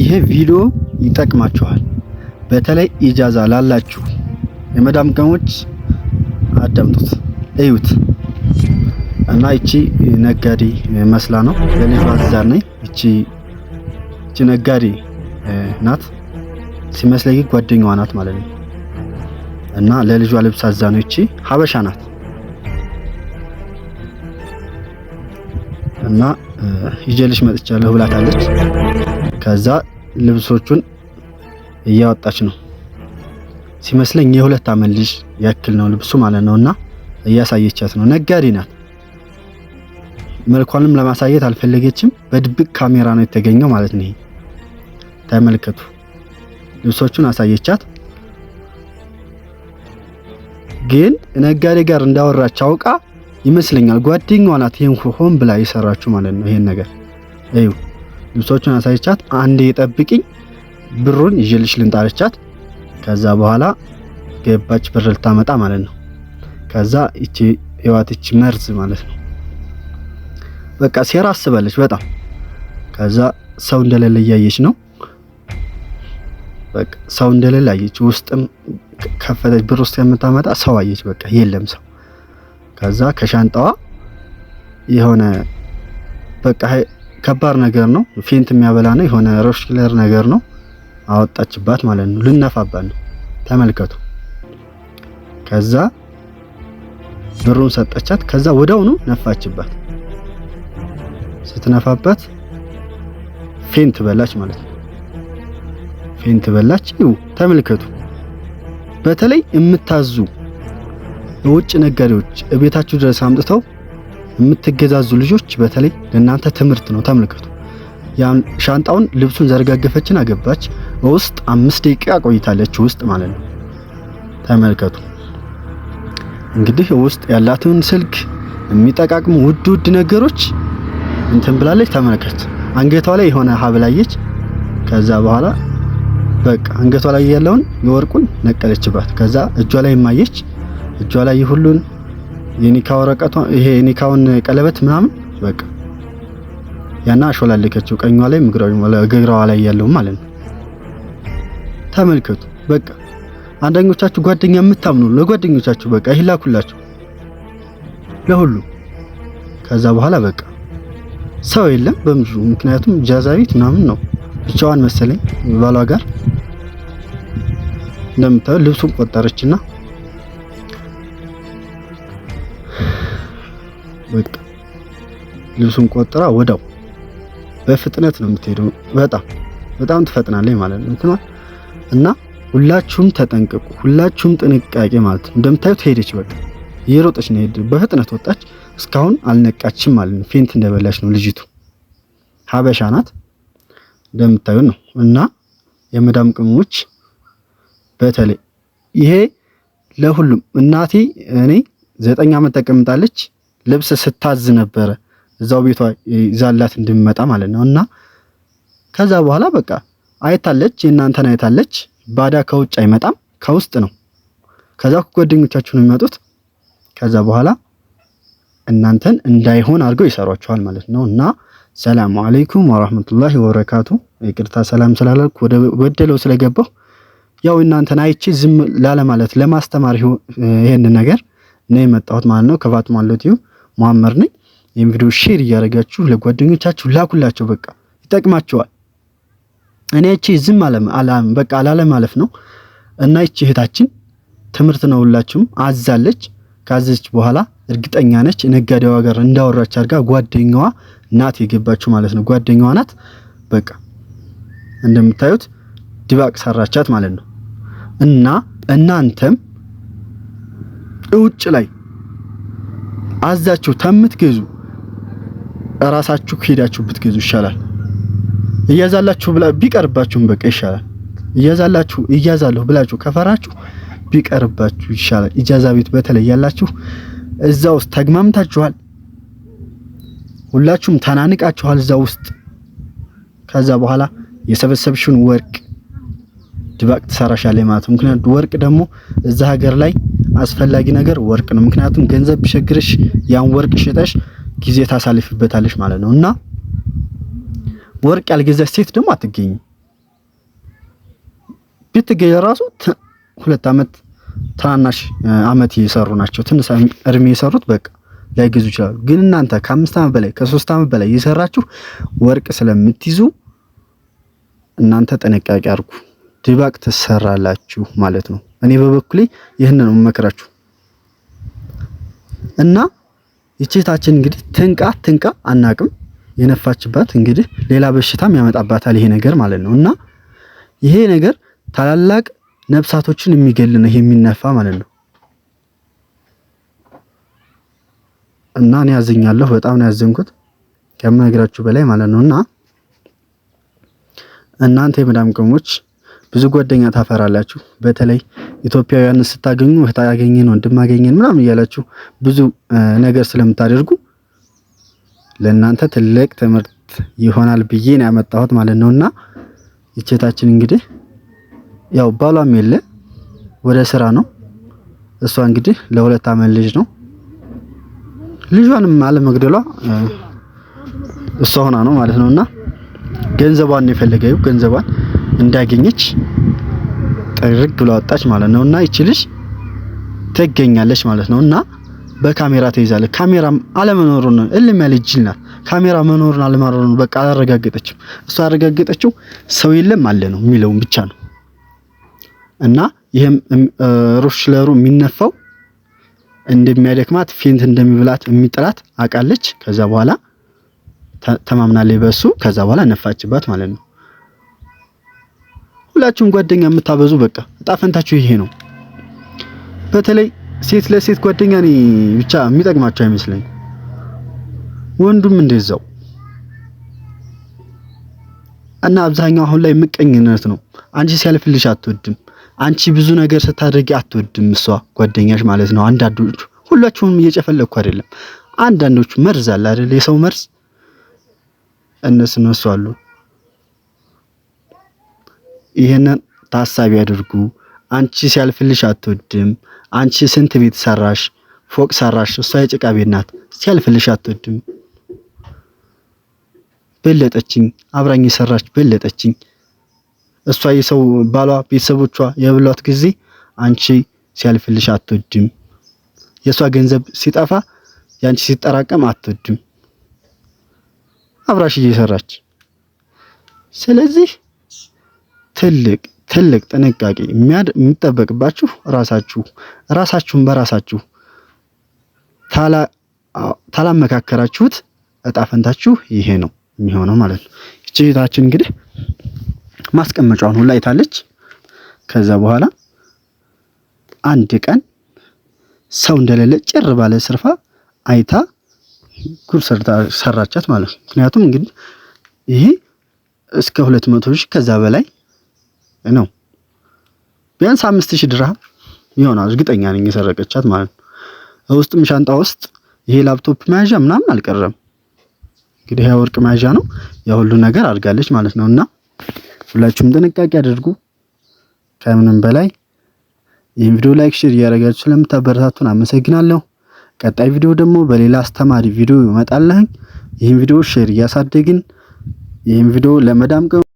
ይሄ ቪዲዮ ይጠቅማችኋል። በተለይ ኢጃዛ ላላችሁ የመዳም ቀሞች አዳምጡት፣ እዩት እና እቺ ነጋዴ መስላ ነው ለኔ ባዛር ነኝ። እቺ እቺ ነጋዴ ናት ሲመስለኝ ጓደኛዋ ናት ማለት ነው። እና ለልጇ ልብስ አዛ ነው። እቺ ሀበሻ ናት እና ይዤልሽ መጥቻለሁ ብላታለች። ከዛ ልብሶቹን እያወጣች ነው ሲመስለኝ የሁለት ዓመት ልጅ ያክል ነው ልብሱ ማለት ነው። እና እያሳየቻት ነው። ነጋዴ ናት። መልኳንም ለማሳየት አልፈለገችም። በድብቅ ካሜራ ነው የተገኘው ማለት ነው። ተመልከቱ። ልብሶቹን አሳየቻት። ግን ነጋዴ ጋር እንዳወራች አውቃ ይመስለኛል ጓደኛዋ ናት። ይህን ሆን ብላ የሰራችሁ ማለት ነው። ይሄን ነገር እዩ። ልብሶቹን አሳይቻት፣ አንዴ ጠብቂኝ ብሩን ይዤልሽ ልምጣ አለቻት። ከዛ በኋላ ገባች ብር ልታመጣ ማለት ነው። ከዛ እቺ ህዋትች መርዝ ማለት ነው። በቃ ሴራ አስባለች በጣም። ከዛ ሰው እንደሌለ እያየች ነው። በቃ ሰው እንደሌለ አየች። ውስጥም ከፈተች ብር ውስጥ የምታመጣ ሰው አየች። በቃ የለም ሰው። ከዛ ከሻንጣዋ የሆነ በቃ ከባድ ነገር ነው። ፌንት የሚያበላ ነው። የሆነ ሮሽ ክለር ነገር ነው። አወጣችባት ማለት ነው። ልነፋባት ነው። ተመልከቱ። ከዛ ብሩን ሰጠቻት። ከዛ ወዳውኑ ነፋችባት። ስትነፋባት ፌንት በላች ማለት ነው። ፌንት በላች። ይው ተመልከቱ። በተለይ የምታዙ የውጭ ነጋዴዎች እቤታችሁ ድረስ አምጥተው የምትገዛዙ ልጆች በተለይ ለእናንተ ትምህርት ነው። ተመልከቱ። ሻንጣውን ልብሱን ዘረጋገፈችና አገባች። ውስጥ አምስት ደቂቃ ቆይታለች፣ ውስጥ ማለት ነው። ተመልከቱ እንግዲህ ውስጥ ያላትን ስልክ የሚጠቃቅሙ ውድ ውድ ነገሮች እንትን ብላለች። ተመልከት አንገቷ ላይ የሆነ ሀብል አየች። ከዛ በኋላ በቃ አንገቷ ላይ ያለውን የወርቁን ነቀለችባት። ከዛ እጇ ላይ ማየች እጇ ላይ ሁሉን የኒካ ወረቀቷ ይሄ የኒካውን ቀለበት ምናምን በቃ ያና አሾላለከችው ቀኟ ላይ እግራዋ ላይ ያለው ማለት ነው። ተመልከቱ። በቃ አንደኞቻችሁ ጓደኛ የምታምኑ ለጓደኞቻችሁ በቃ ይሄ ላኩላችሁ ለሁሉ። ከዛ በኋላ በቃ ሰው የለም በምዙ ምክንያቱም ጃዛቤት ምናምን ነው ብቻዋን መሰለኝ ባሏ ጋር እንደምታየው ልብሱን ቆጠረችና ወጣ። ልብሱን ቆጥራ ወዳው በፍጥነት ነው የምትሄደው። በጣም በጣም ትፈጥናለች ማለት ነው እንትና እና ሁላችሁም ተጠንቀቁ፣ ሁላችሁም ጥንቃቄ ማለት ነው። እንደምታዩት ሄደች፣ በቃ የሮጠች ነው ሄደ፣ በፍጥነት ወጣች። እስካሁን አልነቃችም ማለት ነው። ፌንት እንደበላች ነው ልጅቱ። ሀበሻ ናት እንደምታዩ ነው። እና የመዳም ቅመሞች በተለይ ይሄ ለሁሉም እናቴ እኔ ዘጠኝ ዓመት ተቀምጣለች። ልብስ ስታዝ ነበረ እዛው ቤቷ ይዛላት እንድመጣ ማለት ነው። እና ከዛ በኋላ በቃ አይታለች፣ የእናንተን አይታለች። ባዳ ከውጭ አይመጣም ከውስጥ ነው። ከዛ ጓደኞቻችሁ የሚመጡት። ከዛ በኋላ እናንተን እንዳይሆን አድርገው ይሰሯችኋል ማለት ነው። እና ሰላሙ አለይኩም ወራህመቱላሂ ወበረካቱ። ይቅርታ ሰላም ስላላልኩ ወደ ወደለው ስለገባሁ ያው እናንተን አይቼ ዝም ላለ ማለት ለማስተማር ይሄን ነገር ነው የመጣሁት ማለት ነው ማለት ይሁን መሐመድ ነኝ። ይህም ቪዲዮ ሼር እያደረጋችሁ ለጓደኞቻችሁ ላኩላቸው። በቃ ይጠቅማቸዋል። እኔ እቺ ዝም አለም በቃ አላለ ማለፍ ነው እና ይቺ እህታችን ትምህርት ነው ሁላችሁም አዛለች። ካዘች በኋላ እርግጠኛ ነች ነጋዴዋ ጋር እንዳወራች አድርጋ ጓደኛዋ ናት የገባችሁ ማለት ነው። ጓደኛዋ ናት በቃ እንደምታዩት ድባቅ ሰራቻት ማለት ነው እና እናንተም እውጭ ላይ አዛችሁ ከምትገዙ ራሳችሁ ሄዳችሁ ብትገዙ ይሻላል። እያዛላችሁ ብላ ቢቀርባችሁም በቃ ይሻላል። እያዛላችሁ እያዛለሁ ብላችሁ ከፈራችሁ ቢቀርባችሁ ይሻላል። ኢጃዛ ቤት በተለይ ያላችሁ እዛ ውስጥ ተግማምታችኋል። ሁላችሁም ተናንቃችኋል እዛ ውስጥ። ከዛ በኋላ የሰበሰብሽውን ወርቅ ድባቅ ትሰራሻለች ማለት ነው። ምክንያቱም ወርቅ ደግሞ እዛ ሀገር ላይ አስፈላጊ ነገር ወርቅ ነው። ምክንያቱም ገንዘብ ቢቸግርሽ ያን ወርቅ ሽጠሽ ጊዜ ታሳልፊበታለሽ ማለት ነው እና ወርቅ ያልገዛሽ ሴት ደግሞ አትገኝም። ብትገኝ ራሱ ሁለት አመት ትናናሽ አመት የሰሩ ናቸው። ትንሽ እድሜ የሰሩት በቃ ላይገዙ ይችላሉ። ግን እናንተ ከአምስት አመት በላይ ከሶስት አመት በላይ የሰራችሁ ወርቅ ስለምትይዙ እናንተ ጥንቃቄ አድርጉ። ድባቅ ትሰራላችሁ ማለት ነው። እኔ በበኩሌ ይህን ነው የምመክራችሁ። እና ይቼታችን እንግዲህ ትንቃ ትንቃ አናቅም የነፋችባት እንግዲህ ሌላ በሽታም ያመጣባታል ይሄ ነገር ማለት ነው። እና ይሄ ነገር ታላላቅ ነፍሳቶችን የሚገል ነው ይሄ የሚነፋ ማለት ነው። እና እኔ ያዝኛለሁ፣ በጣም ነው ያዘንኩት ከምነግራችሁ በላይ ማለት ነው። እና እናንተ የመዳም ብዙ ጓደኛ ታፈራላችሁ። በተለይ ኢትዮጵያውያን ስታገኙ እህት አገኘን፣ ወንድም አገኘን ምናምን እያላችሁ ብዙ ነገር ስለምታደርጉ ለእናንተ ትልቅ ትምህርት ይሆናል ብዬ ነው ያመጣሁት ማለት ነው። እና ይቼታችን እንግዲህ ያው ባሏም የለ ወደ ስራ ነው። እሷ እንግዲህ ለሁለት አመት ልጅ ነው ልጇንም አለመግደሏ እሷ ሆና ነው ማለት ነውና ገንዘቧን የፈለገው ገንዘቧን እንዳገኘች ጥርግ ብሎ አወጣች ማለት ነው። እና ይቺ ልጅ ትገኛለች ማለት ነው። እና በካሜራ ተይዛለች። ካሜራ አለመኖሩን እልም ያለ ናት። ካሜራ መኖሩን አለመኖሩን በቃ አላረጋገጠችም። እሷ ያረጋገጠችው ሰው የለም አለ ነው የሚለውን ብቻ ነው። እና ይህም ሩሽለሩ የሚነፋው እንደሚያደክማት ፌንት እንደሚብላት የሚጥላት አውቃለች። ከዛ በኋላ ተማምናለች በሱ። ከዛ በኋላ ነፋችባት ማለት ነው። ሁላችሁም ጓደኛ የምታበዙ በቃ እጣፈንታችሁ ይሄ ነው። በተለይ ሴት ለሴት ጓደኛ እኔ ብቻ የሚጠቅማቸው አይመስለኝ። ወንዱም እንደዛው እና አብዛኛው አሁን ላይ ምቀኝነት ነው። አንቺ ሲያልፍልሽ አትወድም። አንቺ ብዙ ነገር ስታደርጊ አትወድም። እሷ ጓደኛሽ ማለት ነው። አንዳንዶቹ ሁላችሁም እየጨፈለኩ አይደለም። አንዳንዶቹ መርዝ አለ አይደል? የሰው መርዝ እነሱ እነሱ አሉ። ይህንን ታሳቢ ያድርጉ። አንቺ ሲያልፍልሽ አትወድም። አንቺ ስንት ቤት ሰራሽ፣ ፎቅ ሰራሽ፣ እሷ የጭቃ ቤት ናት። ሲያልፍልሽ አትወድም። በለጠችኝ፣ አብራኝ የሰራች በለጠችኝ። እሷ የሰው ባሏ ቤተሰቦቿ የብሏት ጊዜ አንቺ ሲያልፍልሽ አትወድም። የእሷ ገንዘብ ሲጠፋ የአንቺ ሲጠራቀም አትወድም፣ አብራሽ እየሰራች ስለዚህ ትልቅ ትልቅ ጥንቃቄ የሚጠበቅባችሁ ራሳችሁ ራሳችሁን በራሳችሁ ታላመካከራችሁት እጣፈንታችሁ ይሄ ነው የሚሆነው ማለት ነው። ይቺ እህታችን እንግዲህ ማስቀመጫዋን ሁላ አይታለች። ከዛ በኋላ አንድ ቀን ሰው እንደሌለ ጭር ባለ ስርፋ አይታ ጉር ሰራቻት ማለት ነው። ምክንያቱም እንግዲህ ይሄ እስከ ሁለት መቶ ሺህ ከዛ በላይ ነው። ቢያንስ አምስት ሺህ ድርሃም ይሆናል እርግጠኛ ነኝ የሰረቀቻት ማለት ነው። ውስጥም ሻንጣ ውስጥ ይሄ ላፕቶፕ መያዣ ምናምን አልቀረም። እንግዲህ ወርቅ መያዣ ነው ሁሉ ነገር አድርጋለች ማለት ነው። እና ሁላችሁም ጥንቃቄ አድርጉ። ከምንም በላይ ይህን ቪዲዮ ላይክ፣ ሼር እያደረጋችሁ ስለምታበረታቱን አመሰግናለሁ። ቀጣይ ቪዲዮ ደግሞ በሌላ አስተማሪ ቪዲዮ ይመጣልኝ። ይህን ቪዲዮ ሼር እያሳደግን ይህን ቪዲዮ ለመዳም